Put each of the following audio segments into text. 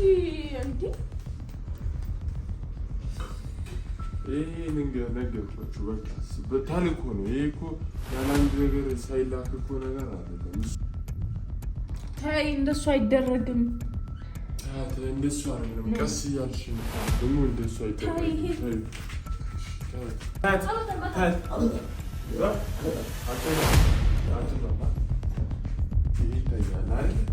ఏంటి ነገርኳችሁ በቃ በጣም እኮ ነው። ይሄ እኮ ያለ አንድ ነገር ሳይላክ እኮ ነገር አይደለም። ተይ እንደሱ አይደረግም። እንደሱ አይደለም። ቀስ እያልሽ ደግሞ እንደሱ አይደረግም። ይሄ ይታያል አይደል?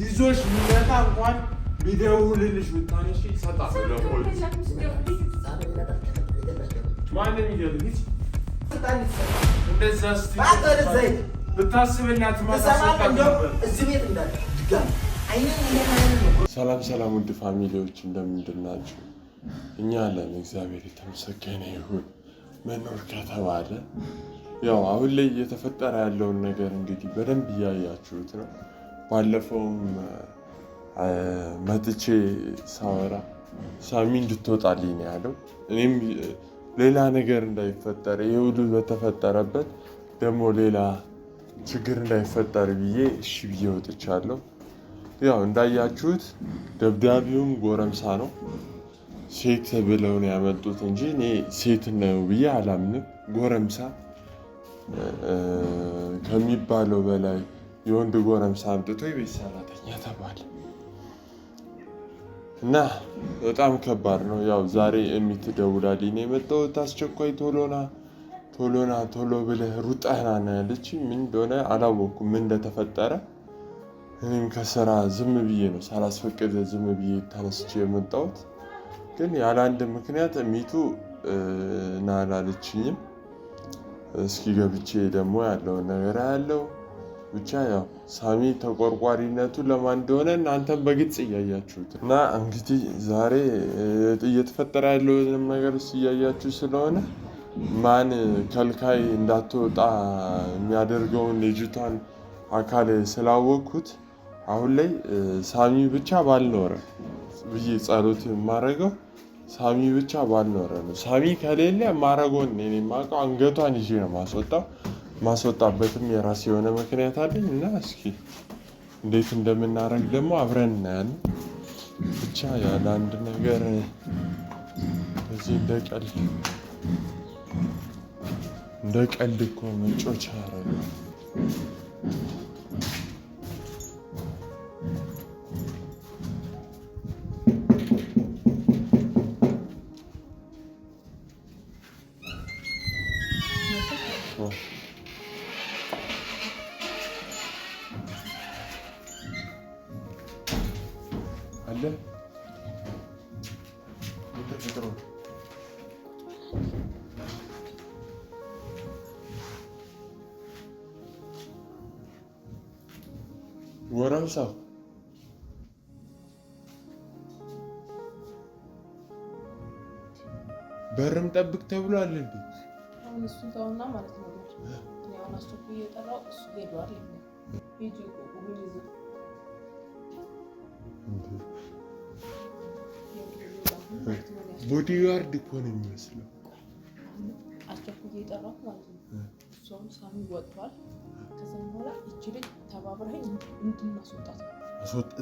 ይዞሽ ሚመጣ እንኳን ቢደውልልሽ ብታን ሰላም ሰላም፣ ውድ ፋሚሊዎች እንደምንድን ናችሁ? እኛ አለን። እግዚአብሔር የተመሰገነ ይሁን። መኖር ከተባለ ያው አሁን ላይ እየተፈጠረ ያለውን ነገር እንግዲህ በደንብ እያያችሁት ነው። ባለፈውም መጥቼ ሳወራ ሳሚ እንድትወጣልኝ ያለው። እኔም ሌላ ነገር እንዳይፈጠር ይህ ሁሉ በተፈጠረበት ደግሞ ሌላ ችግር እንዳይፈጠር ብዬ እሺ ብዬ ወጥቻለሁ። ያው እንዳያችሁት ደብዳቤውም ጎረምሳ ነው። ሴት ብለው ነው ያመጡት እንጂ እኔ ሴት ነው ብዬ አላምንም። ጎረምሳ ከሚባለው በላይ የወንድ ጎረምሳ አምጥቶ የቤት ሰራተኛ ተባለ እና በጣም ከባድ ነው። ያው ዛሬ እሚት ደውላልኝ ነው የመጣሁት፣ አስቸኳይ ቶሎና ቶሎና ቶሎ ብለህ ሩጠና ነው ያለች። ምን እንደሆነ አላወኩም፣ ምን እንደተፈጠረ እኔም ከስራ ዝም ብዬ ነው ሳላስፈቅድ ዝም ብዬ ተነስቼ የመጣሁት። ግን ያለ አንድ ምክንያት ሚቱ ና አላለችኝም። እስኪ ገብቼ ደግሞ ያለውን ነገር ያለው ብቻ ያው ሳሚ ተቆርቋሪነቱ ለማን እንደሆነ እናንተም በግልጽ እያያችሁት እና እንግዲህ ዛሬ እየተፈጠረ ያለውንም ነገር እያያችሁ ስለሆነ ማን ከልካይ እንዳትወጣ የሚያደርገውን ልጅቷን አካል ስላወቅኩት አሁን ላይ ሳሚ ብቻ ባልኖረ ብዬ ጸሎት የማደርገው ሳሚ ብቻ ባልኖረ ነው። ሳሚ ከሌለ ማረጎን እኔ የማውቀው አንገቷን ይዤ ነው ማስወጣው። ማስወጣበትም የራስ የሆነ ምክንያት አለኝ እና እስኪ እንዴት እንደምናደርግ ደግሞ አብረን እናያለን። ብቻ ያለ አንድ ነገር እዚህ እንደ ቀልድ እንደ ቀልድ እኮ መጮቻ Voronzov. በርም ጠብቅ ተብሎ አለብኝ። አሁን እሱን ተውና ማለት ነው። አሁን አስቶፕ እየጠራው እሱ ሄዷል። ቦዲጋርድ እኮ ነው የሚመስለው። አስቶፕ እየጠራው ማለት ነው እሷም ሳሚ ወጥቷል። ከዛም በኋላ እጅ ልጅ ተባብረኸኝ እንድናስወጣት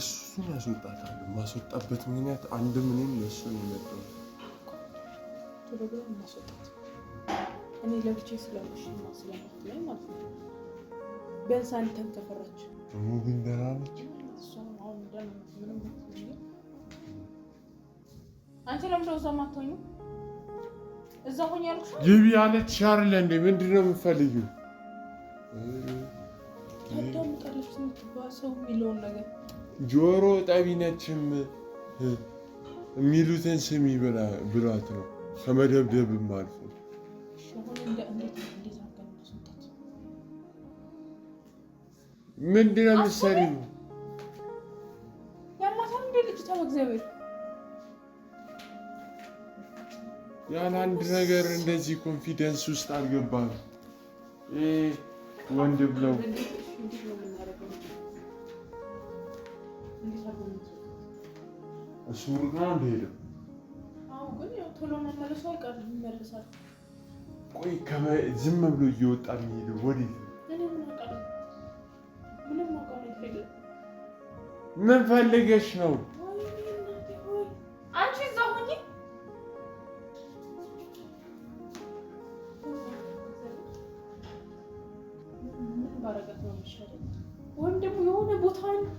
እሱን ያስወጣታል። ማስወጣበት ምክንያት አንድ ምንም ለሱ የሚመጣ ቶሎ ብለን እናስወጣት። እኔ ለብቼ ስለመሽና ስለማትለኝ ማለት ነው። ቢያንስ አንተን ከፈራች ደግሞ ግን ደህና ነች። እሷም አሁን ምንም አንተ ለምደ እዛ ማትሆኝም እዛ ሆኜ ያልኩሽ ግቢ አለችሽ አይደለ እንዴ? ምንድን ነው የምትፈልጊው? ጆሮ ጠቢ ነችም የሚሉትን ስሚ ብሏት ነው ከመደብደብም አልፎ ምንድን ነው የምትሰሪው? ያን አንድ ነገር እንደዚህ ኮንፊደንስ ውስጥ አልገባም። ወንድ ብለው እሱ ሩቅ ነው እንደሄደ ቆይ ዝም ብሎ እየወጣ የሚሄደው ወዴት? ምን ፈልገሽ ነው?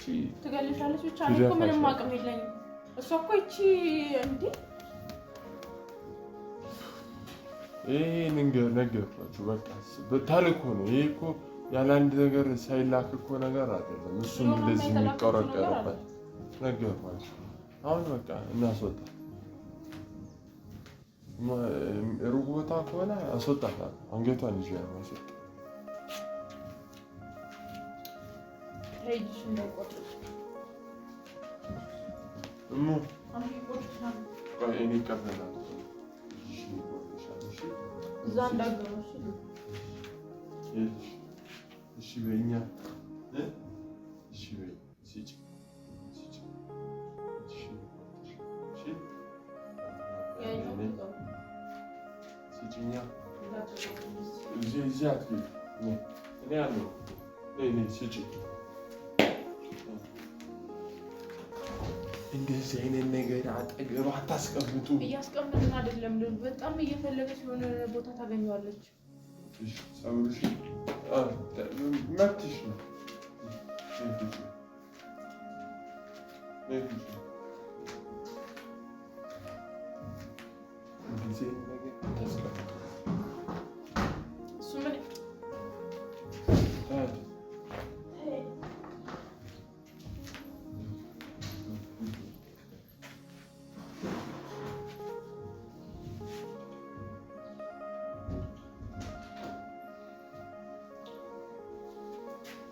እቺ ትገልሻለች ብቻ ነው። ምንም አቅም የለኝም። እሷ እኮ እቺ እንዴ ይሄ ነገርኳችሁ። በቃ በታሪክ ሆነ። ይሄ እኮ ያለ አንድ ነገር ሳይላክ እኮ ነገር አይደለም። እሱም እንደዚህ የሚቀረቀርበት ነገርኳችሁ። አሁን በቃ እናስወጣ ሩቅ ከሆነ አስወጣታለሁ። አንገቷን ይዤ ነው Hey, düşünme koçum. Ну, Hangi koçum? А, я никак не надо. Zanda görürsün. Шивеня. Э? Шивень. Сичи. Сичи. Сичи. Сичи. Yani yok da. Сичиня. Zaten yok. Взятки. Не. Не оно. Не, не, сичи. እንደዚህ አይነት ነገር አጠገብ አታስቀምጡ። እያስቀምጥን አይደለም፣ በጣም እየፈለገች የሆነ ቦታ ታገኘዋለች። መብትሽ ነው።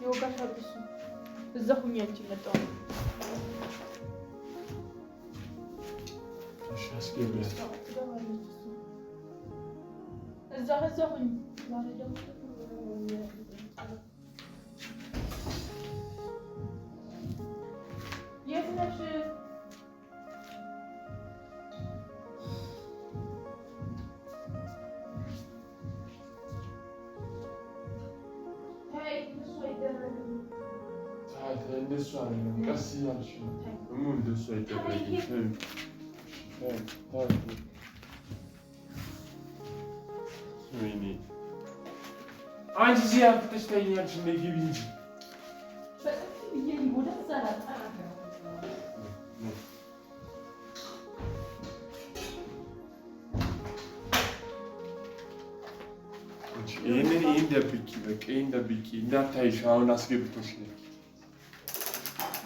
yoga yapıyorsun. Zahunya Timeto. Сейчас я блядь. Захуня. Захуня. Soeur, merci infiniment. Le monde de soi est avec vous. ወይኔ አንቺ እዚህ አፍጥሽ ተኛች እንደ ግቢ እንጂ ይህንን ይህን ደብቂ፣ በቃ ይህን ደብቂ እንዳታይሽ። አሁን አስገብቶሽ ነች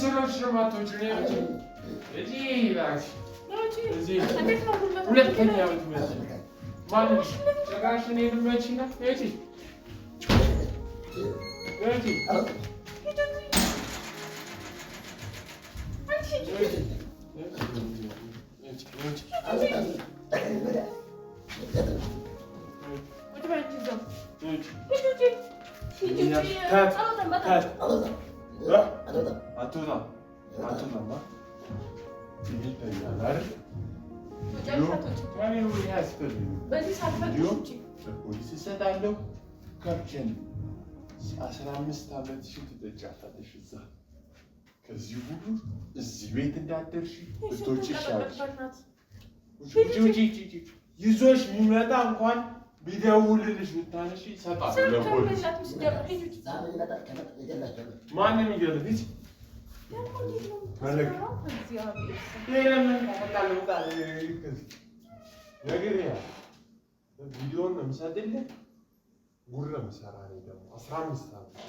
ሽልማቶች እዚህ እባክሽ እዚህ ሁለተኛ ቤት መስ ማንሽ ጭራሽን የልመችና እቺ እቺ Tut. Tut. Tut. Tut. Natuna. Natuna mı? Değil peygamber. Hocam şatoçuk. Yani bu yastırıyor. በዚህ ሰዓት ፈቅሽ ውጪ ለፖሊስ እሰጣለሁ። ካፕቴን አስራ አምስት ዓመትሽን ትጠጫታለሽ እዛ ከዚህ ሁሉ እዚህ ቤት እንዳደርሽ ብትወጪ ይሻልሽ። ውጪ ውጪ ውጪ ይዞሽ ቢመጣ እንኳን ቢደውልልሽ ብታነሺ ይሰጣል ለፖሊስ። ማንን ይገልጽ ቪዲዮን ነው የምሰድልህ። ጉድ ነው የምሰራ እኔ ደግሞ አስራ አምስት ዓመት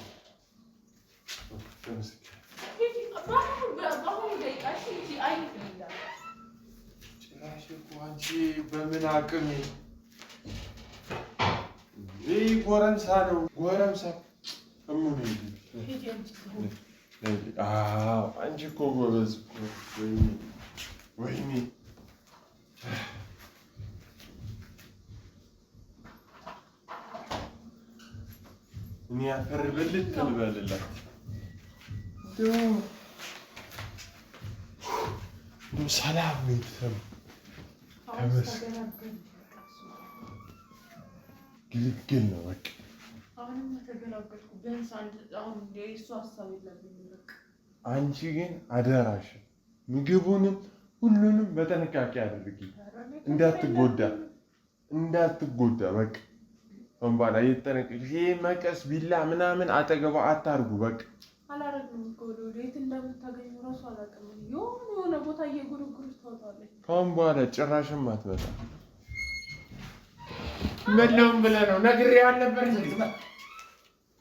ጭራሽ እኮ አንቺ በምን አቅሜ ጎረምሳ ነው ጎረምሳ ليبيا آه عندي كونغو ويني ويني እኔ ያፈርበልት ተልበልላት እንዲሁ ሰላም ቤተሰብ ተመስገን። ግልግል ነው በቃ አንቺ ግን አደራሽ ምግቡንም ሁሉንም በጥንቃቄ አድርጊ፣ እንዳትጎዳ እንዳትጎዳ። በቃ ወንባላ እየተጠነቀቅሽ ይሄ መቀስ ቢላ ምናምን አጠገባ አታርጉ። በቃ አላረግም እኮ ወደ የት ጭራሽም አትመጣም። መለውም ብለህ ነው ነግሬህ አልነበረ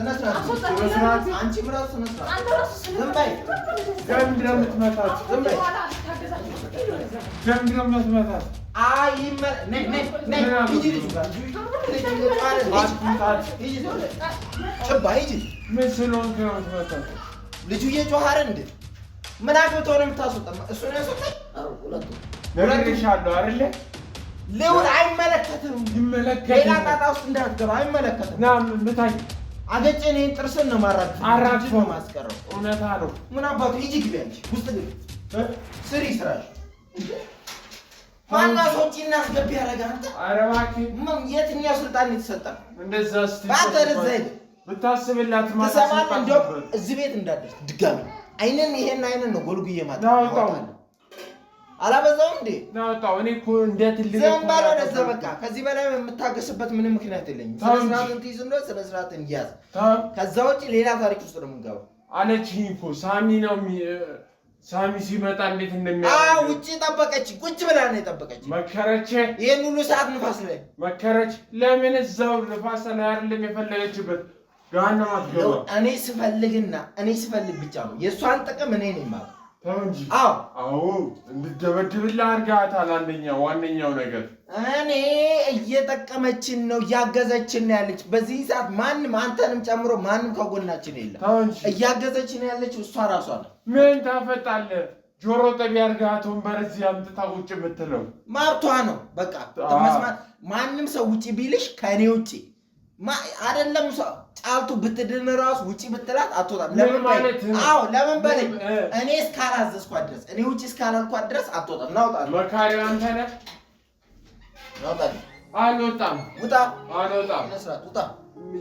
ልጁ እየጮኸ እንደ ምን አግብቶ ነው የምታስወጣ? እሱ ነው ያስወጣኝ። አይደለ ልሁን። አይመለከትም። ሌላ ጣጣ ውስጥ እንዳትገባ አይመለከትም። አገጨ ነኝ ጥርስን ነው ማራት አራት ነው ማስቀረው። እውነታ ነው። ምን አባቱ ሂጂ ግቢ አንቺ ውስጥ ግቢ ስሪ ስራሽ። ማና ሶጪ ጭና አስገቢ ያረጋ አንተ። ኧረ ምን የትኛው ስልጣን የተሰጠ እንደዛ ብታስብላት ማለት ነው። እንደው እዚህ ቤት እንዳደርስ ድጋሚ አይነን ይሄን አይነን ነው ጎልጉዬ ማለት ነው። አላበዛው እንዴ? እኔ እኮ እንደ ትልቅ ባለው በቃ ከዚህ በላይ የምታገስበት ምንም ምክንያት የለኝም። ስነ ነው፣ ከዛ ሌላ ታሪክ ውስጥ ነው የምንገባው አለችኝ እኮ ሳሚ ነው ሳሚ ሲመጣ እንዴት እንደሚያ ውጭ ጠበቀች። ቁጭ ብላ ነው የጠበቀች። መከረች። ይህን ሁሉ ሰዓት ንፋስ ላይ መከረች። ለምን እዛው ንፋስ ላይ አይደለም የፈለገችበት ጋና ማትገባ እኔ ስፈልግና እኔ ስፈልግ ብቻ ነው የእሷን ጥቅም እኔ እንጂ አዎ፣ እንድደበድብላ አድርጋታል። አንደኛ ዋነኛው ነገር እኔ እየጠቀመችን ነው እያገዘችን ነው ያለች። በዚህ ሰዓት ማንም አንተንም ጨምሮ ማንም ከጎናችን የለም። እያገዘችን ያለች እሷ ራሷ ነው። ምን ታፈጣለህ? ጆሮ ጠቢ አድርጋት ወንበር እዚህ አምጥታ ቁጭ የምትለው ማርቷ ነው። በቃ መስማት ማንም ሰው ውጭ ቢልሽ ከእኔ ውጭ አይደለም ሰው ጫልቱ ብትድን ራሱ ውጪ ብትላት አትወጣም። ለምን ማለት አዎ፣ ለምን በለኝ። እኔ እስካላዘዝኳት ድረስ እኔ ውጪ እስካላልኳት ድረስ አትወጣም። ናውጣ መካሪው አንተ ነህ። ናውጣ ውጣ፣ አልወጣም። ስራት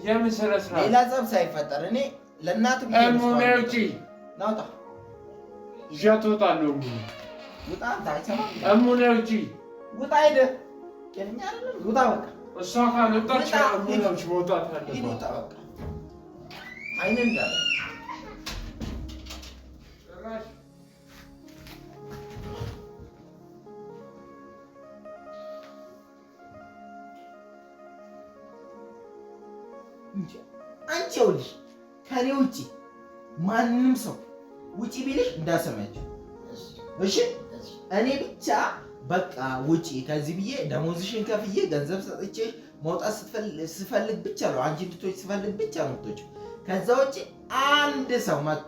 የምን የምስረ ስራት ሌላ ጸብ ሳይፈጠር እኔ ለእናት ውጪ ናውጣ። ይዣት እወጣለሁ። ውጣ። ውጪ ውጣ። ሄደ ውጣ። በቃ እሷ ካልወጣች መውጣት አለባት። አይን እንዳለ አንቺ ውልሽ ከኔ ውጭ ማንም ሰው ውጪ ቢልሽ እሺ እኔ ብቻ በቃ ውጪ ከዚህ ብዬ ደሞዝሽን ከፍዬ ገንዘብ ሰጥቼ መውጣት ስፈልግ ብቻ ነው። አንቺ እንድትወጪ ስፈልግ ብቻ ነው የምትወጪው። ከዛ ውጭ አንድ ሰው መጥቶ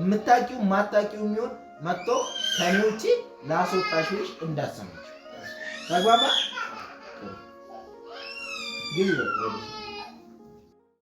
የምታውቂው የማታውቂው የሚሆን መጥቶ ከኔ ውጭ ላስወጣሽ ልጅ እንዳሰማች ተግባባ